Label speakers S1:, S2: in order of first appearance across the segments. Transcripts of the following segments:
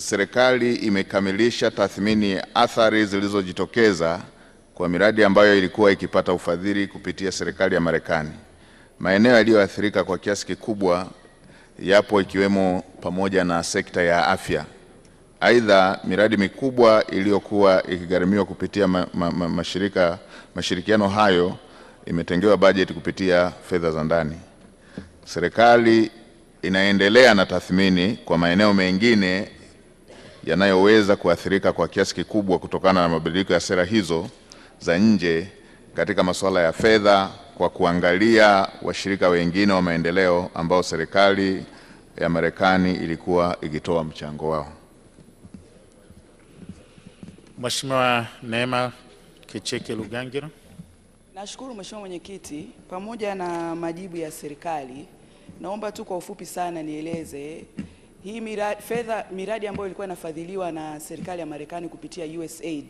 S1: serikali imekamilisha tathmini ya athari zilizojitokeza kwa miradi ambayo ilikuwa ikipata ufadhili kupitia serikali ya Marekani. Maeneo yaliyoathirika kwa kiasi kikubwa yapo ikiwemo pamoja na sekta ya afya. Aidha, miradi mikubwa iliyokuwa ikigharimiwa kupitia ma, ma, ma, mashirika, mashirikiano hayo imetengewa bajeti kupitia fedha za ndani. Serikali inaendelea na tathmini kwa maeneo mengine yanayoweza kuathirika kwa kiasi kikubwa kutokana na mabadiliko ya sera hizo za nje katika masuala ya fedha kwa kuangalia washirika wengine wa maendeleo ambao serikali ya Marekani ilikuwa ikitoa mchango wao.
S2: Mheshimiwa Neema Kicheke Lugangira.
S3: Nashukuru Mheshimiwa Mwenyekiti, pamoja na majibu ya serikali, naomba tu kwa ufupi sana nieleze hii miradi, fedha miradi ambayo ilikuwa inafadhiliwa na serikali ya Marekani kupitia USAID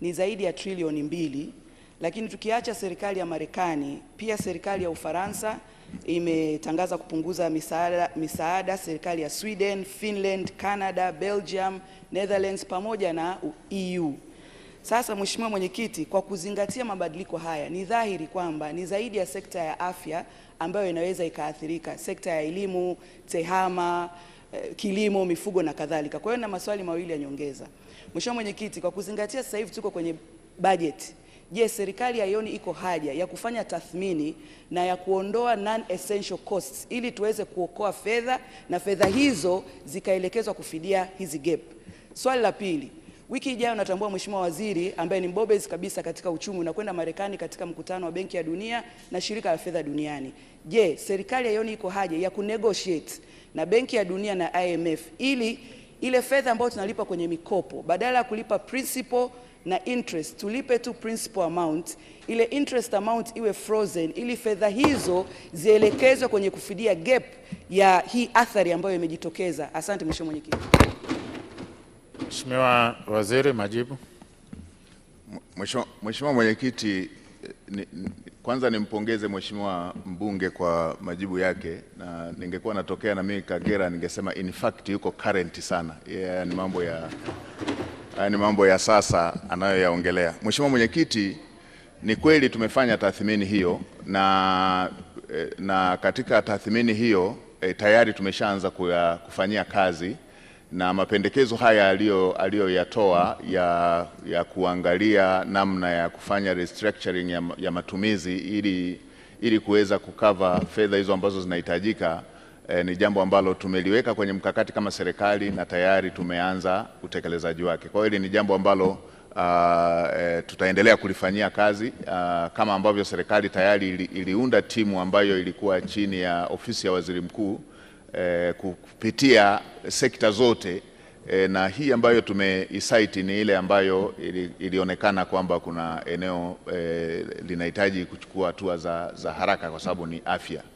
S3: ni zaidi ya trilioni mbili, lakini tukiacha serikali ya Marekani, pia serikali ya Ufaransa imetangaza kupunguza misaada, misaada serikali ya Sweden, Finland, Canada, Belgium, Netherlands pamoja na EU. Sasa Mheshimiwa Mwenyekiti, kwa kuzingatia mabadiliko haya, ni dhahiri kwamba ni zaidi ya sekta ya afya ambayo inaweza ikaathirika, sekta ya elimu, tehama Eh, kilimo, mifugo na kadhalika. Kwa hiyo na maswali mawili ya nyongeza. Mheshimiwa Mwenyekiti, kwa kuzingatia sasa hivi tuko kwenye budget. je, serikali haioni iko haja ya kufanya tathmini na ya kuondoa non essential costs ili tuweze kuokoa fedha na fedha hizo zikaelekezwa kufidia hizi gap? Swali la pili Wiki ijayo natambua Mheshimiwa Waziri ambaye ni mbobezi kabisa katika uchumi na kwenda Marekani katika mkutano wa Benki ya Dunia na Shirika la Fedha Duniani. Je, serikali haioni iko haja ya kunegotiate na Benki ya Dunia na IMF ili ile fedha ambayo tunalipa kwenye mikopo badala ya kulipa principal na interest tulipe tu principal amount, ile interest amount iwe frozen, ili fedha hizo zielekezwe kwenye kufidia gap ya hii athari ambayo imejitokeza. Asante Mheshimiwa Mwenyekiti.
S2: Mheshimiwa Waziri, majibu.
S4: Mheshimiwa Mwenyekiti, kwanza nimpongeze mheshimiwa mbunge kwa majibu yake, na ningekuwa natokea na mimi Kagera ningesema in fact yuko current sana. Yeah, ni mambo ya ni mambo ya sasa anayoyaongelea. Mheshimiwa Mwenyekiti, ni kweli tumefanya tathmini hiyo na, eh, na katika tathmini hiyo e, tayari tumeshaanza kufanyia kazi na mapendekezo haya aliyoyatoa ya, ya kuangalia namna ya kufanya restructuring ya, ya matumizi ili, ili kuweza kukava fedha hizo ambazo zinahitajika eh, ni jambo ambalo tumeliweka kwenye mkakati kama serikali na tayari tumeanza utekelezaji wake. Kwa hiyo ni jambo ambalo Uh, e, tutaendelea kulifanyia kazi uh, kama ambavyo serikali tayari ili, iliunda timu ambayo ilikuwa chini ya ofisi ya waziri mkuu eh, kupitia sekta zote eh, na hii ambayo tumeisaiti ni ile ambayo ili, ilionekana kwamba kuna eneo eh, linahitaji kuchukua hatua za, za haraka kwa sababu ni afya.